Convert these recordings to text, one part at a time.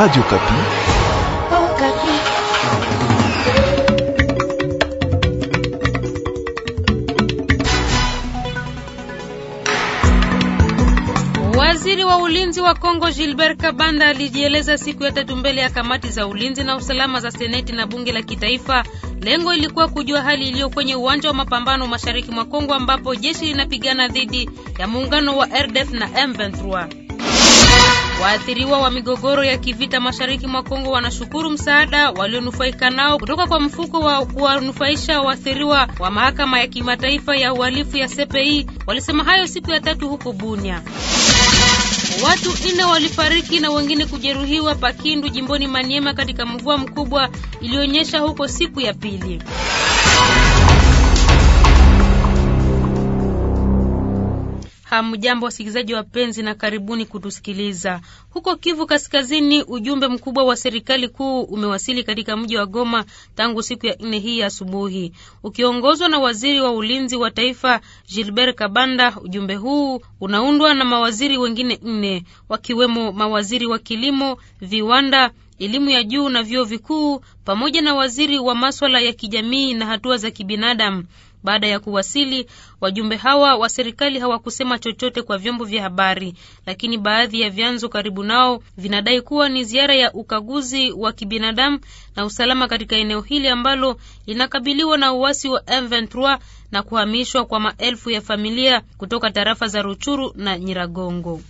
Radio Kapi. Oh, Kapi. Waziri wa Ulinzi wa Kongo Gilbert Kabanda alijieleza siku ya tatu mbele ya kamati za ulinzi na usalama za Seneti na bunge la kitaifa. Lengo ilikuwa kujua hali iliyo kwenye uwanja wa mapambano mashariki mwa Kongo ambapo jeshi linapigana dhidi ya muungano wa RDF na M23. Waathiriwa wa migogoro ya kivita mashariki mwa Kongo wanashukuru msaada walionufaika nao kutoka kwa mfuko wa kuwanufaisha waathiriwa wa mahakama ya kimataifa ya uhalifu ya CPI. Walisema hayo siku ya tatu huko Bunia. Watu nne walifariki na wengine kujeruhiwa Pakindu jimboni Maniema katika mvua mkubwa iliyonyesha huko siku ya pili. Hamjambo wasikilizaji wapenzi, na karibuni kutusikiliza. Huko Kivu Kaskazini, ujumbe mkubwa wa serikali kuu umewasili katika mji wa Goma tangu siku ya nne hii asubuhi, ukiongozwa na waziri wa ulinzi wa taifa Gilbert Kabanda. Ujumbe huu unaundwa na mawaziri wengine nne, wakiwemo mawaziri wa kilimo, viwanda elimu ya juu na vyuo vikuu pamoja na waziri wa maswala ya kijamii na hatua za kibinadamu. Baada ya kuwasili, wajumbe hawa wa serikali hawakusema chochote kwa vyombo vya habari, lakini baadhi ya vyanzo karibu nao vinadai kuwa ni ziara ya ukaguzi wa kibinadamu na usalama katika eneo hili ambalo linakabiliwa na uasi wa M23 na kuhamishwa kwa maelfu ya familia kutoka tarafa za Ruchuru na Nyiragongo.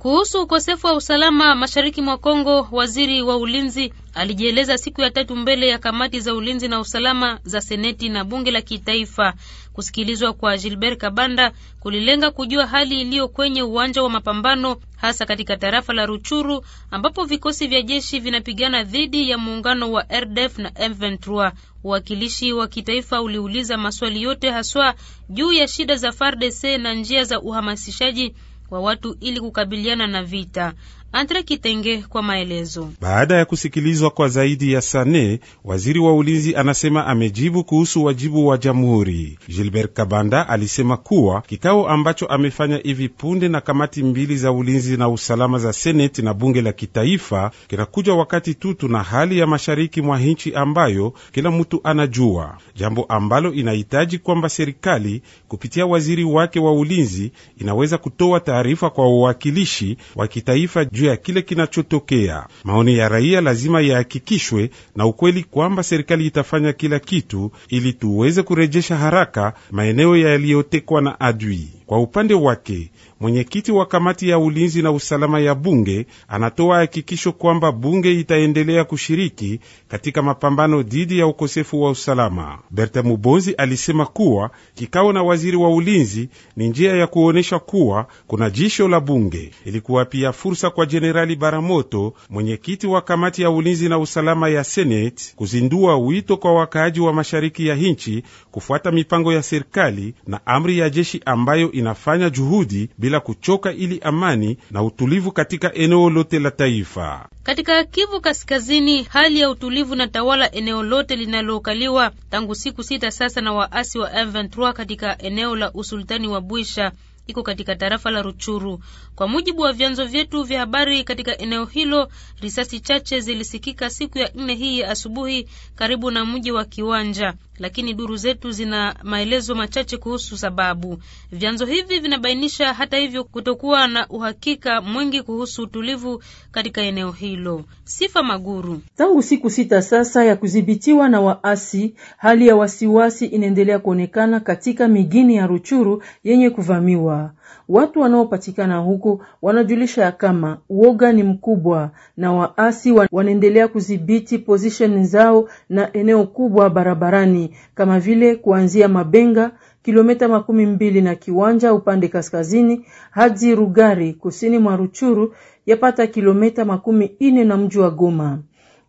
Kuhusu ukosefu wa usalama mashariki mwa Kongo, waziri wa ulinzi alijieleza siku ya tatu mbele ya kamati za ulinzi na usalama za seneti na bunge la kitaifa. Kusikilizwa kwa Gilbert Kabanda kulilenga kujua hali iliyo kwenye uwanja wa mapambano, hasa katika tarafa la Ruchuru ambapo vikosi vya jeshi vinapigana dhidi ya muungano wa RDF na M23. Uwakilishi wa kitaifa uliuliza maswali yote haswa juu ya shida za FARDC na njia za uhamasishaji wa watu ili kukabiliana na vita. Andre Kitenge kwa maelezo. Baada ya kusikilizwa kwa zaidi ya sane, waziri wa ulinzi anasema amejibu kuhusu wajibu wa jamhuri. Gilbert Kabanda alisema kuwa kikao ambacho amefanya hivi punde na kamati mbili za ulinzi na usalama za seneti na bunge la kitaifa kinakuja wakati tu tuna hali ya mashariki mwa nchi ambayo kila mtu anajua, jambo ambalo inahitaji kwamba serikali kupitia waziri wake wa ulinzi inaweza kutoa taarifa kwa uwakilishi wa kitaifa juu ya kile kinachotokea. Maoni ya raia lazima yahakikishwe na ukweli kwamba serikali itafanya kila kitu ili tuweze kurejesha haraka maeneo yaliyotekwa na adui. Kwa upande wake mwenyekiti wa kamati ya ulinzi na usalama ya bunge anatoa hakikisho kwamba bunge itaendelea kushiriki katika mapambano dhidi ya ukosefu wa usalama. Berta Mubozi alisema kuwa kikao na waziri wa ulinzi ni njia ya kuonyesha kuwa kuna jisho la bunge. Ilikuwa pia fursa kwa Jenerali Baramoto, mwenyekiti wa kamati ya ulinzi na usalama ya Seneti, kuzindua wito kwa wakaaji wa mashariki ya nchi kufuata mipango ya serikali na amri ya jeshi ambayo inafanya juhudi bila kuchoka ili amani na utulivu katika eneo lote la taifa. Katika Kivu Kaskazini, hali ya utulivu na tawala eneo lote linalokaliwa tangu siku sita sasa na waasi wa M23 katika eneo la usultani wa Bwisha iko katika tarafa la Ruchuru. Kwa mujibu wa vyanzo vyetu vya habari katika eneo hilo, risasi chache zilisikika siku ya nne hii asubuhi karibu na mji wa Kiwanja, lakini duru zetu zina maelezo machache kuhusu sababu. Vyanzo hivi vinabainisha hata hivyo kutokuwa na uhakika mwingi kuhusu utulivu katika eneo hilo. Sifa Maguru. Tangu siku sita sasa ya kudhibitiwa na waasi, hali ya wasiwasi inaendelea kuonekana katika migini ya Ruchuru yenye kuvamiwa. Watu wanaopatikana huku wanajulisha ya kama uoga ni mkubwa na waasi wanaendelea kudhibiti position zao na eneo kubwa barabarani kama vile kuanzia Mabenga kilomita makumi mbili na Kiwanja upande kaskazini hadi Rugari kusini mwa Ruchuru yapata kilomita makumi ine na mji wa Goma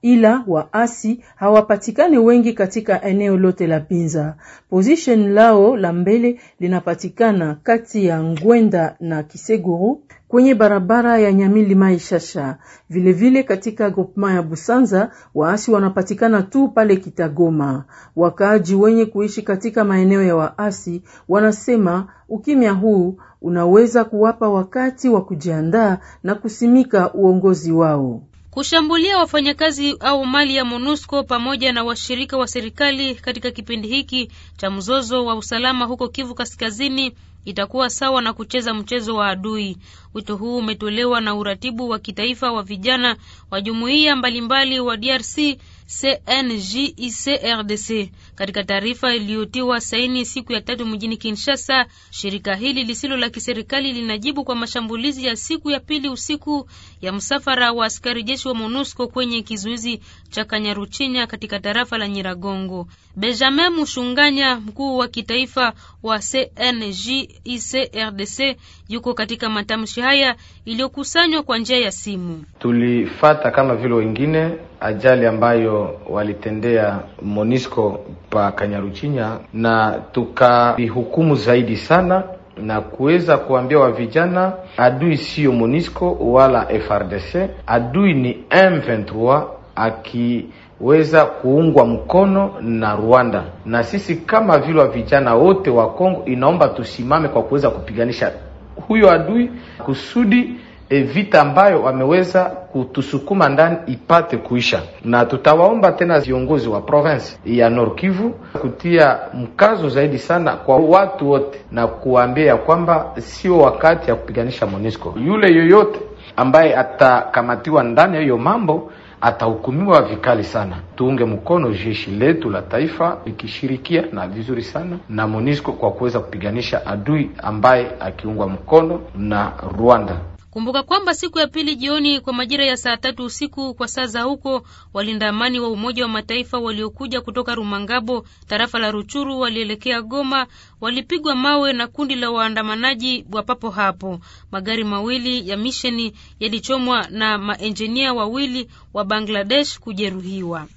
ila waasi hawapatikani wengi katika eneo lote la Pinza. Position lao la mbele linapatikana kati ya Ngwenda na Kiseguru kwenye barabara ya Nyamili Mai Shasha. Vilevile katika groupement ya Busanza waasi wanapatikana tu pale Kitagoma. Wakaaji wenye kuishi katika maeneo ya waasi wanasema ukimya huu unaweza kuwapa wakati wa kujiandaa na kusimika uongozi wao. Kushambulia wafanyakazi au mali ya MONUSCO pamoja na washirika wa serikali katika kipindi hiki cha mzozo wa usalama huko Kivu Kaskazini itakuwa sawa na kucheza mchezo wa adui. Wito huu umetolewa na uratibu wa kitaifa wa vijana wa jumuiya mbalimbali wa DRC CNJICRDC. Katika taarifa iliyotiwa saini siku ya tatu mjini Kinshasa, shirika hili lisilo la kiserikali linajibu kwa mashambulizi ya siku ya pili usiku ya msafara wa askari jeshi wa MONUSCO kwenye kizuizi cha Kanyaruchinya katika tarafa la Nyiragongo. Benjamin Mushunganya, mkuu wa kitaifa wa CNJICRDC, yuko katika matamshi haya iliyokusanywa kwa njia ya simu. Tulifata kama vile wengine ajali ambayo walitendea MONUSCO pa Kanyaruchinya na tukavihukumu zaidi sana na kuweza kuambia wa vijana, adui siyo Monisco wala FRDC, adui ni M23 akiweza kuungwa mkono na Rwanda. Na sisi kama vile wa vijana wote wa Kongo, inaomba tusimame kwa kuweza kupiganisha huyo adui kusudi e vita ambayo wameweza kutusukuma ndani ipate kuisha, na tutawaomba tena viongozi wa province ya Nord Kivu kutia mkazo zaidi sana kwa watu wote na ya kwamba sio wakati ya kupiganisha MONUSCO. Yule yoyote ambaye atakamatiwa ndani ya hiyo mambo atahukumiwa vikali sana. Tuunge mkono jeshi letu la taifa likishirikia na vizuri sana na MONUSCO kwa kuweza kupiganisha adui ambaye akiungwa mkono na Rwanda. Kumbuka kwamba siku ya pili jioni kwa majira ya saa tatu usiku kwa saa za huko, walinda amani wa Umoja wa Mataifa waliokuja kutoka Rumangabo, tarafa la Ruchuru, walielekea Goma, walipigwa mawe na kundi la waandamanaji wa papo hapo. Magari mawili ya misheni yalichomwa na maenjinia wawili wa Bangladesh kujeruhiwa.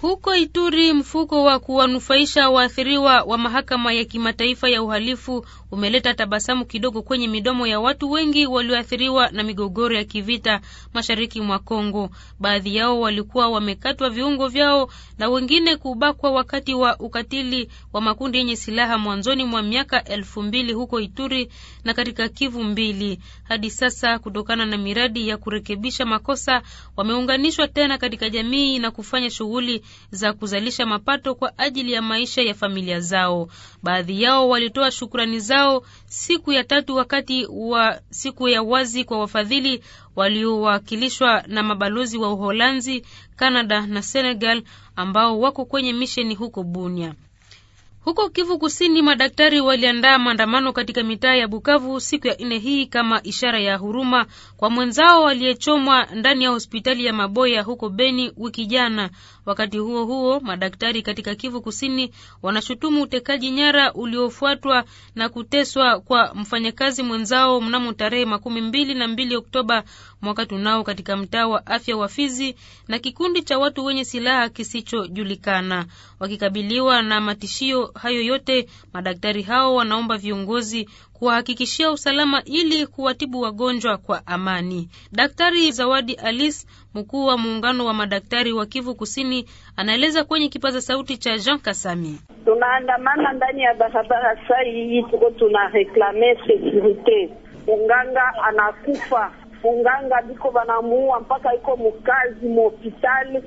Huko Ituri, mfuko wa kuwanufaisha waathiriwa wa mahakama ya kimataifa ya uhalifu umeleta tabasamu kidogo kwenye midomo ya watu wengi walioathiriwa na migogoro ya kivita mashariki mwa Kongo. Baadhi yao walikuwa wamekatwa viungo vyao na wengine kubakwa wakati wa ukatili wa makundi yenye silaha mwanzoni mwa miaka elfu mbili huko Ituri na katika Kivu mbili. Hadi sasa, kutokana na miradi ya kurekebisha makosa, wameunganishwa tena katika jamii na kufanya shughuli za kuzalisha mapato kwa ajili ya maisha ya familia zao. Baadhi yao walitoa shukrani zao siku ya tatu wakati wa siku ya wazi kwa wafadhili waliowakilishwa na mabalozi wa Uholanzi, Kanada na Senegal ambao wako kwenye misheni huko Bunia. Huko Kivu Kusini, madaktari waliandaa maandamano katika mitaa ya Bukavu siku ya nne hii kama ishara ya huruma kwa mwenzao aliyechomwa ndani ya hospitali ya Maboya huko Beni wiki jana. Wakati huo huo, madaktari katika Kivu Kusini wanashutumu utekaji nyara uliofuatwa na kuteswa kwa mfanyakazi mwenzao mnamo tarehe makumi mbili na mbili Oktoba mwaka tunao katika mtaa wa afya wa Fizi na kikundi cha watu wenye silaha kisichojulikana wakikabiliwa na matishio hayo yote, madaktari hao wanaomba viongozi kuwahakikishia usalama ili kuwatibu wagonjwa kwa amani. Daktari Zawadi Alice, mkuu wa muungano wa madaktari wa Kivu Kusini, anaeleza kwenye kipaza sauti cha Jean Kasami. Tunaandamana ndani ya barabara sai hii, tuko tuna reklame sekurite. Munganga anakufa, munganga biko banamuua mpaka iko mukazi mhopitali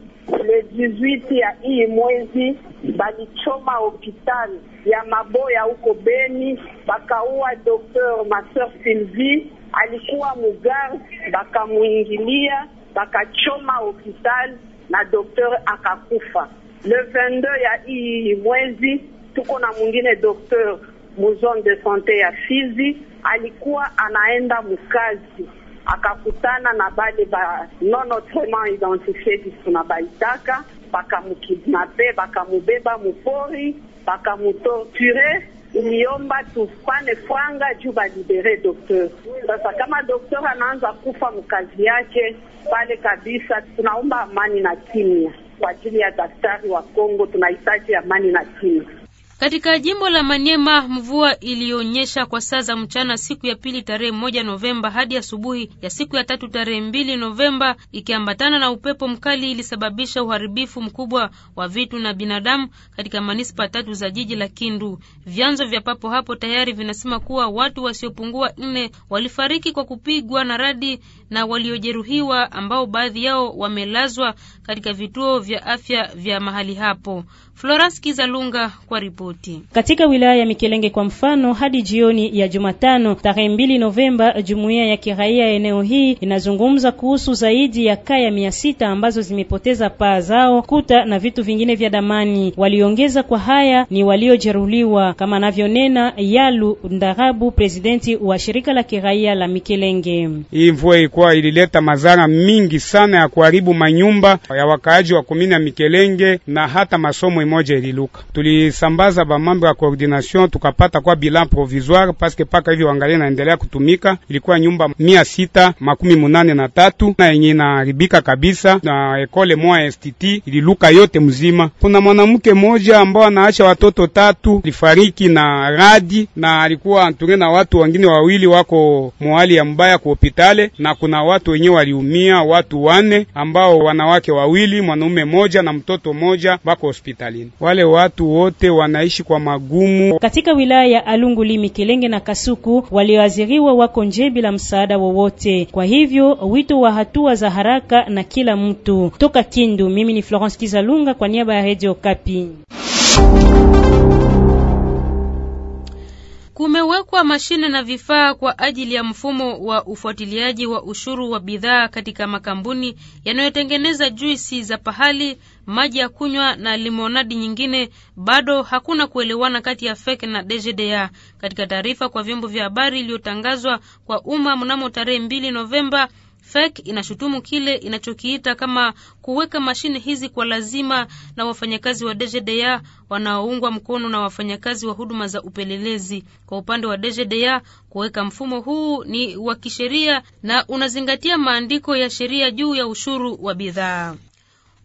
le 18 ya hii mwezi balichoma hopital ya Maboya huko Beni, bakaua Dr. Master Sylvie, alikuwa mugar, bakamwingilia bakachoma hopital na dokteur akakufa. Le 22 ya hii mwezi tuko na mwingine dokteur muzone de sante ya Fizi alikuwa anaenda mukazi akakutana na bale ba non autrement identifie kisi baitaka bakamukidnape, bakamubeba mupori, bakamutorture. iliomba tufane franga juu balibere dokteur. Sasa kama dokteur anaanza kufa mkazi yake pale kabisa, tunaomba amani na kimya kwa ajili ya daktari wa Kongo, tunahitaji amani na kimya. Katika jimbo la manyema mvua iliyonyesha kwa saa za mchana siku ya pili tarehe moja Novemba hadi asubuhi ya siku ya tatu tarehe mbili Novemba ikiambatana na upepo mkali ilisababisha uharibifu mkubwa wa vitu na binadamu katika manispa tatu za jiji la Kindu. Vyanzo vya papo hapo tayari vinasema kuwa watu wasiopungua nne walifariki kwa kupigwa na radi na waliojeruhiwa ambao baadhi yao wamelazwa katika vituo vya afya vya mahali hapo. Florence Kizalunga kwa ripoti. Katika wilaya ya Mikelenge kwa mfano, hadi jioni ya Jumatano tarehe mbili Novemba, jumuiya ya kiraia eneo hii inazungumza kuhusu zaidi ya kaya mia sita ambazo zimepoteza paa zao, kuta na vitu vingine vya damani. Waliongeza kwa haya ni waliojeruhiwa, kama anavyonena Yalu Ndarabu, presidenti wa shirika la kiraia la Mikelenge. Hii mvua ilikuwa ilikuwa ilileta madhara mingi sana ya kuharibu manyumba ya wakaaji wa kumina ya Mikelenge na hata masomo imoja ililuka. Tulisambaza bamambo ya coordination tukapata kwa bilan provisoire paske paka hivi wangalie naendelea kutumika. Ilikuwa nyumba mia sita makumi munane na tatu na yenye inaharibika kabisa, na ekole moa STT ililuka yote mzima. Kuna mwanamke moja ambao anaacha watoto tatu lifariki na radi, na alikuwa anture na watu wengine wawili wako mwali ya mbaya ku hopitale na kuna watu wenye waliumia, watu wane ambao wanawake wawili, mwanaume moja na mtoto moja bako hospitalini. Wale watu wote wanaishi kwa magumu katika wilaya ya Alunguli, Mikelenge na Kasuku. Walioathiriwa wako nje bila msaada wowote. Kwa hivyo wito wa hatua za haraka na kila mtu. Toka Kindu, mimi ni Florence Kizalunga kwa niaba ya Radio Kapi kumewekwa mashine na vifaa kwa ajili ya mfumo wa ufuatiliaji wa ushuru wa bidhaa katika makampuni yanayotengeneza juisi za pahali, maji ya kunywa na limonadi nyingine. Bado hakuna kuelewana kati ya FEC na DGDA. Katika taarifa kwa vyombo vya habari iliyotangazwa kwa umma mnamo tarehe mbili Novemba FEK inashutumu kile inachokiita kama kuweka mashine hizi kwa lazima na wafanyakazi wa DGDA wanaoungwa mkono na wafanyakazi wa huduma za upelelezi. Kwa upande wa DGDA, kuweka mfumo huu ni wa kisheria na unazingatia maandiko ya sheria juu ya ushuru wa bidhaa.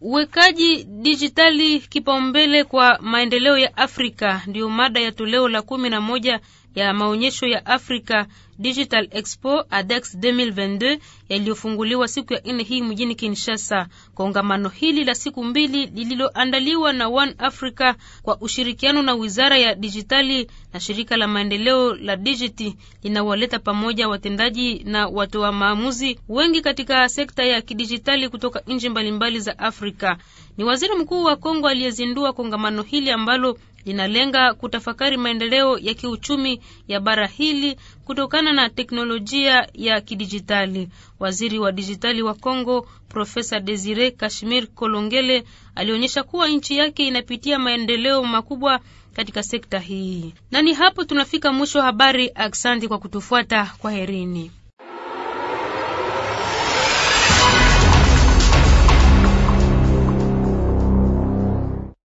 Uwekaji dijitali kipaumbele kwa maendeleo ya Afrika ndiyo mada ya toleo la kumi na moja ya maonyesho ya Africa Digital Expo ADEX 2022 yaliyofunguliwa siku ya nne hii mjini Kinshasa. Kongamano hili la siku mbili lililoandaliwa na One Africa kwa ushirikiano na Wizara ya Dijitali na shirika la maendeleo la Digiti linawaleta pamoja watendaji na watoa wa maamuzi wengi katika sekta ya kidijitali kutoka nchi mbalimbali za Afrika. Ni Waziri Mkuu wa Kongo aliyezindua kongamano hili ambalo linalenga kutafakari maendeleo ya kiuchumi ya bara hili kutokana na teknolojia ya kidijitali. Waziri wa dijitali wa Kongo Profesa Desire Kashmir Kolongele alionyesha kuwa nchi yake inapitia maendeleo makubwa katika sekta hii. Na ni hapo tunafika mwisho wa habari. Aksanti kwa kutufuata, kwa herini